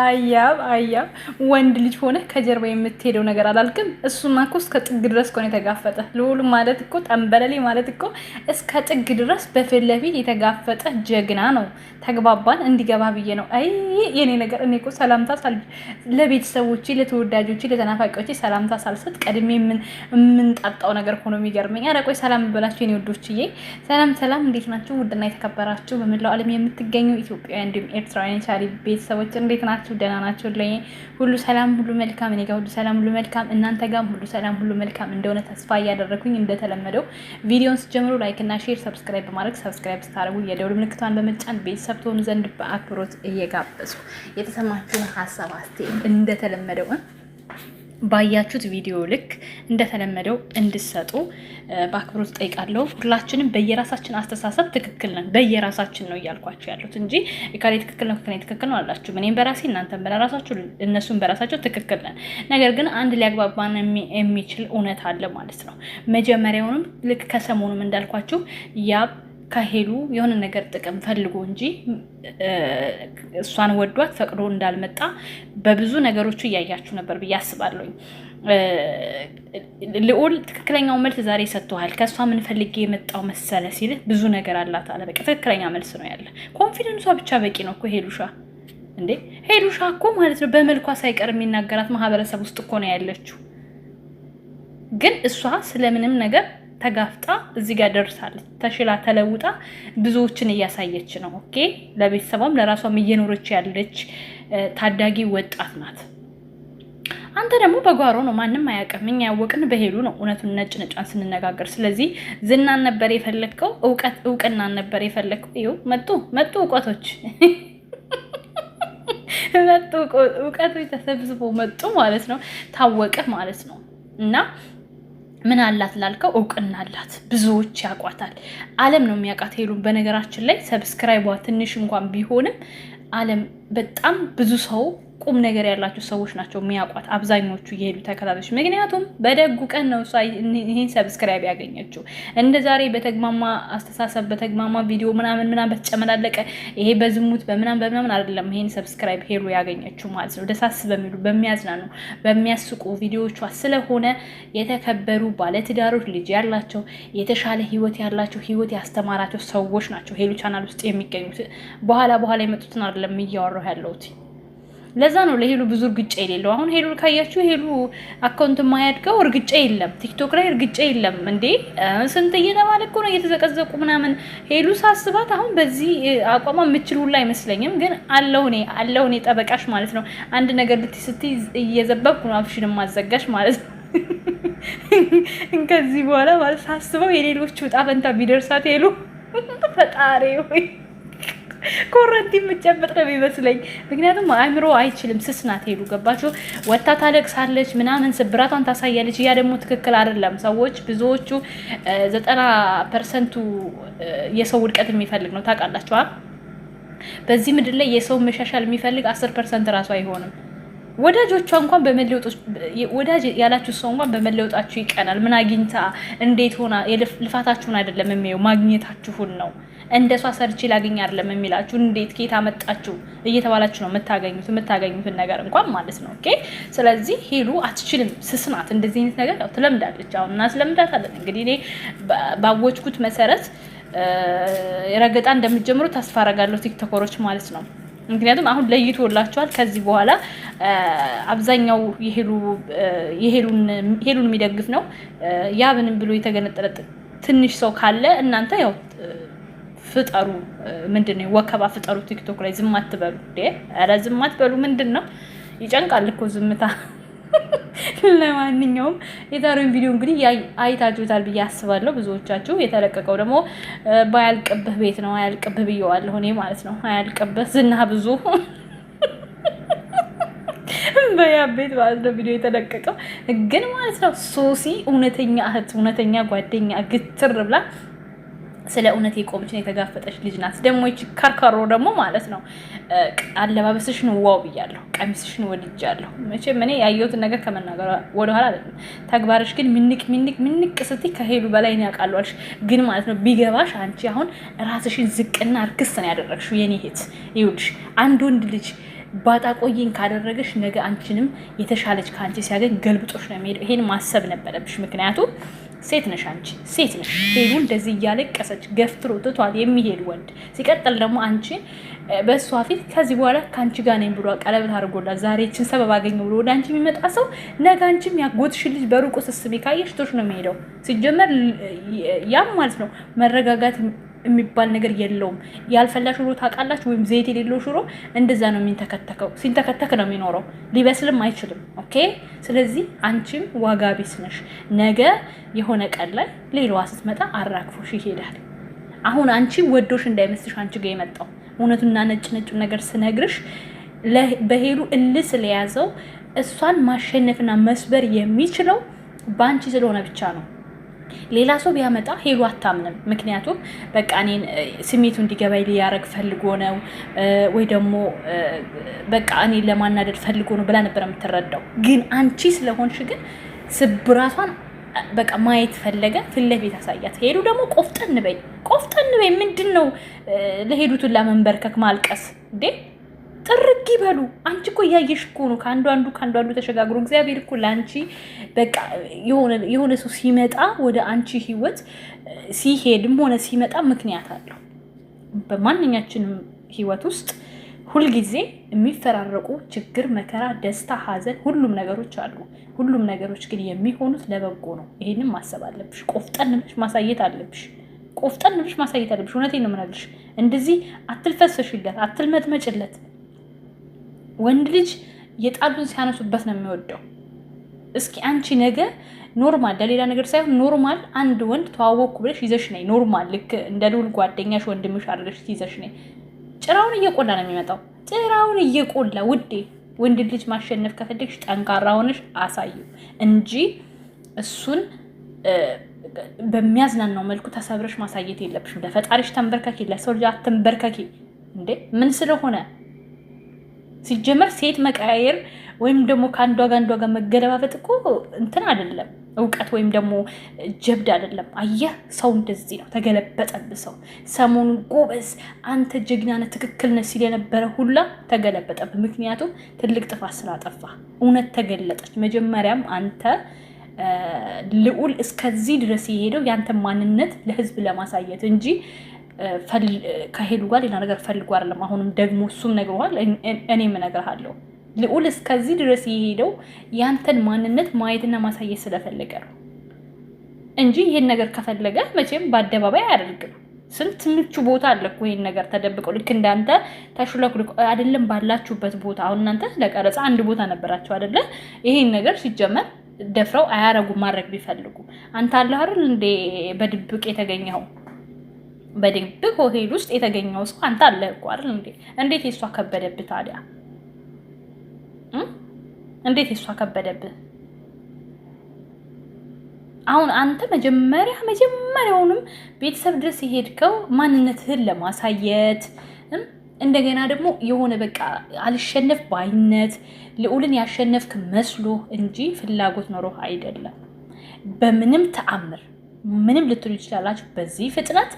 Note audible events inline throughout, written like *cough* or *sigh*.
አያብ አያብ ወንድ ልጅ ሆነ ከጀርባ የምትሄደው ነገር አላልክም። እሱና እኮ እስከ ጥግ ድረስ እኮ የተጋፈጠ። ልዑል ማለት እኮ ጠንበለሌ ማለት እኮ እስከ ጥግ ድረስ በፊት ለፊት የተጋፈጠ ጀግና ነው። ተግባባን? እንዲገባ ብዬ ነው። አይ የኔ ነገር እኔ እኮ ሰላምታ ለቤተሰቦቼ፣ ለተወዳጆቼ፣ ለተናፋቂዎቼ ሰላምታ ሳልሰጥ ቀድሜ የምንጣጣው ነገር ሆኖ የሚገርመኝ። ኧረ ቆይ ሰላም በላችሁ የኔ ውዶችዬ። ሰላም ሰላም፣ እንዴት ናችሁ? ውድና የተከበራችሁ በመላው ዓለም የምትገኙ ኢትዮጵያውያን እንዲሁም ኤርትራውያን ቻሪ ቤተሰቦች እንዴት ናቸው? ናችሁ? ደህና ናችሁ? ሁሉ ሰላም ሁሉ መልካም፣ እኔ ጋር ሁሉ ሰላም ሁሉ መልካም፣ እናንተ ጋም ሁሉ ሰላም ሁሉ መልካም እንደሆነ ተስፋ እያደረኩኝ እንደተለመደው ቪዲዮን ስጀምሩ ላይክ እና ሼር፣ ሰብስክራይብ በማድረግ ሰብስክራይብ ስታደርጉ የደውል ምልክቷን በመጫን ቤተሰብ ትሆኑ ዘንድ በአክብሮት እየጋበዝኩ የተሰማችሁን ሀሳብ አስቴ እንደተለመደው ባያችሁት ቪዲዮ ልክ እንደተለመደው እንድሰጡ በአክብሮት ጠይቃለሁ። ሁላችንም በየራሳችን አስተሳሰብ ትክክል ነን፣ በየራሳችን ነው እያልኳቸው ያሉት እንጂ እካሌ ትክክል ነው ከከኔ ትክክል ነው አላችሁ። እኔም በራሴ እናንተም በራሳችሁ እነሱም በራሳቸው ትክክል ነን። ነገር ግን አንድ ሊያግባባን የሚችል እውነት አለ ማለት ነው። መጀመሪያውንም ልክ ከሰሞኑም እንዳልኳችሁ ያ ከሄሉ የሆነ ነገር ጥቅም ፈልጎ እንጂ እሷን ወዷት ፈቅዶ እንዳልመጣ በብዙ ነገሮቹ እያያችሁ ነበር ብዬ አስባለሁኝ። ልዑል ትክክለኛው መልስ ዛሬ ሰጥተዋል ከእሷ ምን ፈልጌ የመጣው መሰለ ሲል ብዙ ነገር አላት አለ። በቃ ትክክለኛ መልስ ነው ያለ። ኮንፊደንሷ ብቻ በቂ ነው እኮ ሄሉሻ እንዴ ሄሉሻ እኮ ማለት ነው በመልኳ ሳይቀር የሚናገራት ማህበረሰብ ውስጥ እኮ ነው ያለችው። ግን እሷ ስለምንም ነገር ተጋፍጣ እዚህ ጋር ደርሳለች። ተሽላ ተለውጣ ብዙዎችን እያሳየች ነው። ኦኬ ለቤተሰቧም ለራሷም እየኖረች ያለች ታዳጊ ወጣት ናት። አንተ ደግሞ በጓሮ ነው፣ ማንም አያውቅም። እኛ ያወቅን በሄሉ ነው፣ እውነቱን ነጭ ነጫን ስንነጋገር። ስለዚህ ዝናን ነበር የፈለግከው፣ እውቅናን ነበር የፈለግከው። ይኸው መጡ መጡ እውቀቶች *laughs* መጡ እውቀቶች ተሰብስቦ መጡ ማለት ነው። ታወቀ ማለት ነው እና ምን አላት ላልከው፣ እውቅና አላት። ብዙዎች ያውቋታል። አለም ነው የሚያውቃት ሄሉን። በነገራችን ላይ ሰብስክራይቧ ትንሽ እንኳን ቢሆንም አለም በጣም ብዙ ሰው ቁም ነገር ያላቸው ሰዎች ናቸው የሚያውቋት አብዛኞቹ የሄዱ ተከታታዮች። ምክንያቱም በደጉ ቀን ነው እሷ ይህን ሰብስክራይብ ያገኘችው። እንደ ዛሬ በተግማማ አስተሳሰብ፣ በተግማማ ቪዲዮ ምናምን ምናምን በተጨመላለቀ ይሄ በዝሙት በምናምን በምናምን አይደለም ይሄን ሰብስክራይብ ሄሉ ያገኘችው ማለት ነው። ደሳስ በሚሉ በሚያዝናኑ በሚያስቁ ቪዲዮቿ ስለሆነ የተከበሩ ባለትዳሮች፣ ልጅ ያላቸው የተሻለ ህይወት ያላቸው ህይወት ያስተማራቸው ሰዎች ናቸው ሄሉ ቻናል ውስጥ የሚገኙት። በኋላ በኋላ የመጡትን አይደለም እያወራሁ ያለሁት። ለዛ ነው ለሄሉ ብዙ እርግጫ የሌለው። አሁን ሄሉ ካያችሁ ሄሉ አካውንት የማያድገው እርግጫ የለም፣ ቲክቶክ ላይ እርግጫ የለም። እንዴ ስንት እየተባለ እኮ ነው እየተዘቀዘቁ ምናምን። ሄሉ ሳስባት አሁን በዚህ አቋሟ የምችል ሁላ አይመስለኝም። ግን አለው እኔ አለው እኔ ጠበቃሽ ማለት ነው። አንድ ነገር ልትይ ስትይ እየዘበብኩ ነው አፍሽን ማዘጋሽ ማለት ነው። *laughs* ከዚህ በኋላ ማለት ሳስበው የሌሎች ውጣ ፈንታ ቢደርሳት ሄሉ *laughs* ፈጣሪ ወይ ኮረንቲ የምትጨበጥ ነው ምክንያቱም አእምሮ አይችልም፣ ስስ ናት። ሄዱ ገባችሁ? ወታ ታለቅሳለች ምናምን ስብራቷን ታሳያለች። እያ ደግሞ ትክክል አይደለም። ሰዎች ብዙዎቹ ዘጠና ፐርሰንቱ የሰው ውድቀት የሚፈልግ ነው ታውቃላችኋል። በዚህ ምድር ላይ የሰው መሻሻል የሚፈልግ አስር ፐርሰንት ራሱ አይሆንም። ወዳጆቿ እንኳን ወዳጅ ያላችሁ ሰው እንኳን በመለወጣችሁ ይቀናል። ምን አግኝታ እንዴት ሆና ልፋታችሁን አይደለም የሚየው ማግኘታችሁን ነው እንደ ሷ ሰርቼ ላገኝ አይደለም የሚላችሁ እንዴት ኬት አመጣችሁ እየተባላችሁ ነው የምታገኙት የምታገኙትን ነገር እንኳን ማለት ነው። ኦኬ ስለዚህ ሄሉ አትችልም፣ ስስናት እንደዚህ አይነት ነገር ያው ትለምዳለች። አሁን እናስለምዳታለን እንግዲህ እኔ ባወጅኩት መሰረት ረገጣ እንደምትጀምሩ ተስፋ አረጋለሁ ቲክቶከሮች ማለት ነው። ምክንያቱም አሁን ለይቶላቸዋል። ከዚህ በኋላ አብዛኛው ሄሉን የሚደግፍ ነው። ያብንም ብሎ የተገነጠለ ትንሽ ሰው ካለ እናንተ ያው ፍጠሩ። ምንድን ነው ወከባ ፍጠሩ። ቲክቶክ ላይ ዝም አትበሉ። ኧረ ዝም አትበሉ። ምንድን ነው ይጨንቃል እኮ ዝምታ። *laughs* ለማንኛውም የዛሬውን ቪዲዮ እንግዲህ አይታችሁታል ብዬ አስባለሁ ብዙዎቻችሁ። የተለቀቀው ደግሞ በአያልቅብህ ቤት ነው። አያልቅብህ ብየዋለሁ እኔ ማለት ነው። አያልቅብህ ዝና ብዙ *laughs* በያ ቤት ማለት ነው ቪዲዮ የተለቀቀው ግን ማለት ነው ሶሲ እውነተኛ እህት፣ እውነተኛ ጓደኛ ግትር ብላ ስለ እውነት የቆመችን የተጋፈጠች ልጅ ናት። ደግሞ ይች ከርከሮ ደግሞ ማለት ነው አለባበስሽን ዋው ብያለሁ፣ ቀሚስሽን ወድጃለሁ። መቼም እኔ ያየሁትን ነገር ከመናገር ወደኋላ አይደለም። ተግባርሽ ግን ምንቅ ምንቅ ምንቅ ስትይ ከሄሉ በላይ ነው ያውቃለዋልሽ። ግን ማለት ነው ቢገባሽ አንቺ አሁን ራስሽን ዝቅና እርክስ ነው ያደረግሽው። የኔ ሄት ይኸውልሽ አንድ ወንድ ልጅ ባጣ ቆይን ካደረገሽ ነገ አንቺንም የተሻለች ከአንቺ ሲያገኝ ገልብጦሽ ነው የሚሄደው። ይሄን ማሰብ ነበረብሽ ምክንያቱም ሴት ነሽ አንቺ ሴት ነሽ። ሄሉ እንደዚህ እያለቀሰች ገፍትሮ ትቷል የሚሄድ ወንድ። ሲቀጥል ደግሞ አንቺ በእሷ ፊት ከዚህ በኋላ ከአንቺ ጋር ነኝ ብሎ ቀለበት አድርጎላት ዛሬችን ሰበብ አገኘ ብሎ ወደ አንቺ የሚመጣ ሰው ነገ አንቺም ያጎትሽ ልጅ በሩቁ ስስሜ ካየሽ ቶች ነው የሚሄደው። ሲጀመር ያም ማለት ነው መረጋጋት የሚባል ነገር የለውም። ያልፈላ ሽሮ ታውቃላችሁ፣ ወይም ዘይት የሌለው ሽሮ እንደዛ ነው የሚንተከተከው። ሲንተከተክ ነው የሚኖረው፣ ሊበስልም አይችልም። ኦኬ። ስለዚህ አንቺም ዋጋ ቢስ ነሽ። ነገ የሆነ ቀን ላይ ሌላዋ ስትመጣ አራግፎሽ ይሄዳል። አሁን አንቺ ወዶሽ እንዳይመስልሽ አንቺ ጋር የመጣው እውነቱና ነጭ ነጭ ነገር ስነግርሽ በሄሉ እልህ ስለያዘው እሷን ማሸነፍና መስበር የሚችለው በአንቺ ስለሆነ ብቻ ነው። ሌላ ሰው ቢያመጣ ሄሉ አታምንም። ምክንያቱም በቃ እኔን ስሜቱ እንዲገባኝ ሊያረግ ፈልጎ ነው ወይ ደግሞ በቃ እኔን ለማናደድ ፈልጎ ነው ብላ ነበር የምትረዳው። ግን አንቺ ስለሆንሽ ግን ስብራቷን በቃ ማየት ፈለገ። ፊት ለፊት አሳያት። ሄዱ ደግሞ ቆፍጠን በይ፣ ቆፍጠን በይ። ምንድን ነው ለሄዱትን ለመንበርከክ ማልቀስ እንዴ? ጥርግ ይበሉ። አንቺ እኮ እያየሽ እኮ ነው ከአንዱ አንዱ ከአንዱ አንዱ ተሸጋግሮ እግዚአብሔር እኮ ለአንቺ በቃ የሆነ ሰው ሲመጣ ወደ አንቺ ህይወት ሲሄድም ሆነ ሲመጣ ምክንያት አለው። በማንኛችንም ህይወት ውስጥ ሁልጊዜ የሚፈራረቁ ችግር፣ መከራ፣ ደስታ፣ ሀዘን ሁሉም ነገሮች አሉ። ሁሉም ነገሮች ግን የሚሆኑት ለበጎ ነው። ይሄንም ማሰብ አለብሽ። ቆፍጠን ብለሽ ማሳየት አለብሽ። ቆፍጠን ብለሽ ማሳየት አለብሽ። እውነቴን ነው የምነግርሽ። እንደዚህ አትልፈሰሽለት፣ አትልመጥመጭለት ወንድ ልጅ የጣሉን ሲያነሱበት ነው የሚወደው። እስኪ አንቺ ነገ ኖርማል ለሌላ ነገር ሳይሆን ኖርማል አንድ ወንድ ተዋወቅኩ ብለሽ ይዘሽ ነይ። ኖርማል ልክ እንደ ልውል ጓደኛሽ ወንድምሽ አድርገሽ ይዘሽ ነይ። ጭራውን እየቆላ ነው የሚመጣው። ጭራውን እየቆላ ውዴ፣ ወንድ ልጅ ማሸነፍ ከፈለግሽ ጠንካራ ሆነሽ አሳዩ እንጂ እሱን በሚያዝናናው መልኩ ተሰብረሽ ማሳየት የለብሽም። ለፈጣሪሽ ተንበርከኪ፣ ለሰው ልጅ አትንበርከኪ። እንዴ ምን ስለሆነ ሲጀመር ሴት መቀያየር ወይም ደግሞ ከአንዷ ጋር አንዷ ጋር መገለባበጥ እኮ እንትን አይደለም፣ እውቀት ወይም ደግሞ ጀብድ አይደለም። አየህ ሰው እንደዚህ ነው። ተገለበጠብ ሰው። ሰሞኑን ጎበዝ አንተ ጀግና ነህ፣ ትክክል ነህ ሲል የነበረ ሁላ ተገለበጠብህ። ምክንያቱም ትልቅ ጥፋት ስላጠፋ እውነት ተገለጠች። መጀመሪያም አንተ ልዑል እስከዚህ ድረስ የሄደው ያንተ ማንነት ለህዝብ ለማሳየት እንጂ ከሄሉ ጋር ሌላ ነገር ፈልጎ አይደለም። አሁንም ደግሞ እሱም ነግረዋል፣ እኔም እነግርሃለሁ። ልዑል እስከዚህ ድረስ የሄደው ያንተን ማንነት ማየትና ማሳየት ስለፈለገ ነው እንጂ ይህን ነገር ከፈለገ መቼም በአደባባይ አያደርግም። ስንት ምቹ ቦታ አለ እኮ ይህን ነገር ተደብቀው፣ ልክ እንዳንተ ተሽለኩልኩ አይደለም። ባላችሁበት ቦታ አሁን እናንተ ለቀረጻ አንድ ቦታ ነበራችሁ አይደለ? ይህን ነገር ሲጀመር ደፍረው አያረጉ ማድረግ ቢፈልጉ አንተ አለ አይደል እንዴ በድብቅ የተገኘኸው በድብቅ ሆቴል ውስጥ የተገኘው ሰው አንተ አለ እኮ አይደል እንዴ? እንዴት የእሷ ከበደብህ ታዲያ? እንዴት የእሷ ከበደብህ? አሁን አንተ መጀመሪያ መጀመሪያውንም ቤተሰብ ድረስ የሄድከው ማንነትህን ለማሳየት እንደገና ደግሞ የሆነ በቃ አልሸነፍ ባይነት ልዑልን ያሸነፍክ መስሎ እንጂ ፍላጎት ኖሮ አይደለም። በምንም ተአምር ምንም ልትሉ ይችላላችሁ በዚህ ፍጥነት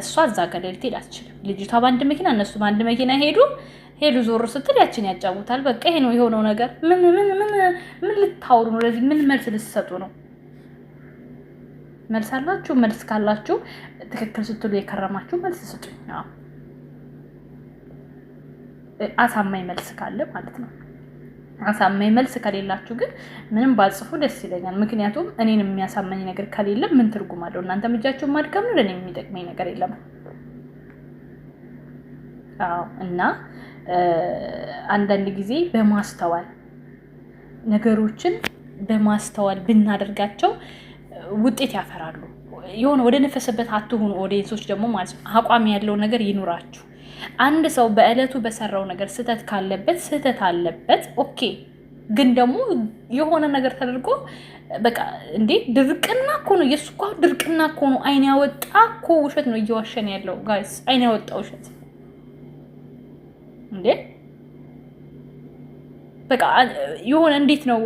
እሷ እዛ ጋር ልትሄድ አትችልም። ልጅቷ በአንድ መኪና እነሱ በአንድ መኪና ሄዱ ሄዱ ዞሩ ስትል ያችን ያጫውታል። በቃ ይሄ ነው የሆነው ነገር። ምን ምን ምን ምን ልታወሩ ነው? ለዚህ ምን መልስ ልትሰጡ ነው? መልስ አላችሁ? መልስ ካላችሁ ትክክል ስትሉ የከረማችሁ መልስ ስጡኝ። አሳማኝ መልስ ካለ ማለት ነው። አሳማኝ መልስ ከሌላችሁ ግን ምንም ባጽፉ ደስ ይለኛል። ምክንያቱም እኔን የሚያሳመኝ ነገር ከሌለም ምን ትርጉም አለው? እናንተ እጃችሁን ማድከም ነው። ለእኔ የሚጠቅመኝ ነገር የለም። አዎ። እና አንዳንድ ጊዜ በማስተዋል ነገሮችን በማስተዋል ብናደርጋቸው ውጤት ያፈራሉ። የሆነ ወደ ነፈሰበት አትሁኑ። ኦዲየንሶች ደግሞ ማለት ነው አቋም ያለው ነገር ይኑራችሁ። አንድ ሰው በእለቱ በሰራው ነገር ስህተት ካለበት ስህተት አለበት። ኦኬ ግን ደግሞ የሆነ ነገር ተደርጎ በቃ እንዴ ድርቅና እኮ ነው የእሱ እኮ ድርቅና እኮ ነው። አይን ያወጣ እኮ ውሸት ነው እየዋሸን ያለው ጋይስ፣ አይን ያወጣ ውሸት እንዴ በቃ የሆነ እንዴት ነው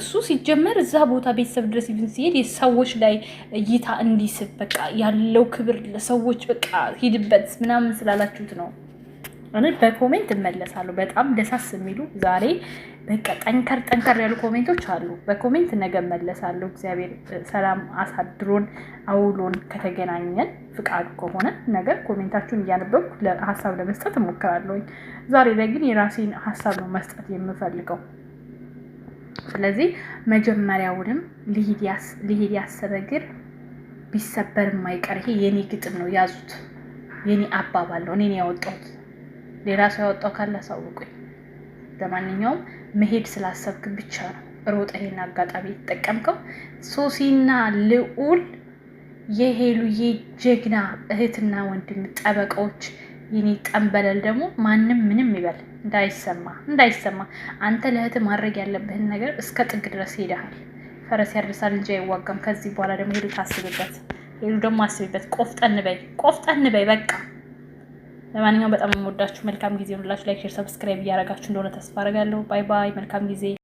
እሱ ሲጀመር እዛ ቦታ ቤተሰብ ድረስ ኢቭን ሲሄድ ሰዎች ላይ እይታ እንዲስብ በቃ ያለው ክብር ለሰዎች በቃ ሂድበት ምናምን ስላላችሁት ነው። እኔ በኮሜንት እመለሳለሁ። በጣም ደሳስ የሚሉ ዛሬ በቃ ጠንከር ጠንከር ያሉ ኮሜንቶች አሉ። በኮሜንት ነገ እመለሳለሁ። እግዚአብሔር ሰላም አሳድሮን አውሎን ከተገናኘን ፍቃዱ ከሆነ ነገር ኮሜንታችሁን እያነበብኩ ሀሳብ ለመስጠት እሞክራለሁኝ። ዛሬ ላይ ግን የራሴን ሀሳብ ነው መስጠት የምፈልገው። ስለዚህ መጀመሪያውንም ሊሄድ ያሰበ እግር ቢሰበር የማይቀር ይሄ የኔ ግጥም ነው። ያዙት። የኔ አባባል ነው። እኔ ያወጣሁት ሌላ ሰው ያወጣው ካለ አሳውቁኝ። ለማንኛውም መሄድ ስላሰብክ ብቻ ነው ሮጠ ይሄን አጋጣሚ የተጠቀምከው። ሶሲና ልዑል የሄሉዬ ጀግና እህትና ወንድም ጠበቃዎች፣ የኔ ጠንበለል ደግሞ ማንም ምንም ይበል እንዳይሰማ እንዳይሰማ። አንተ ለእህት ማድረግ ያለብህን ነገር እስከ ጥግ ድረስ ሄደሃል። ፈረስ ያደርሳል እንጂ አይዋጋም። ከዚህ በኋላ ደግሞ ሄዱ ታስብበት፣ ሄዱ ደግሞ አስብበት። ቆፍጠን በይ፣ ቆፍጠን በይ በቃ። ለማንኛውም በጣም የምወዳችሁ መልካም ጊዜ ሁላችሁ። ላይክ፣ ሼር፣ ሰብስክራይብ እያደረጋችሁ እንደሆነ ተስፋ አደርጋለሁ። ባይ ባይ። መልካም ጊዜ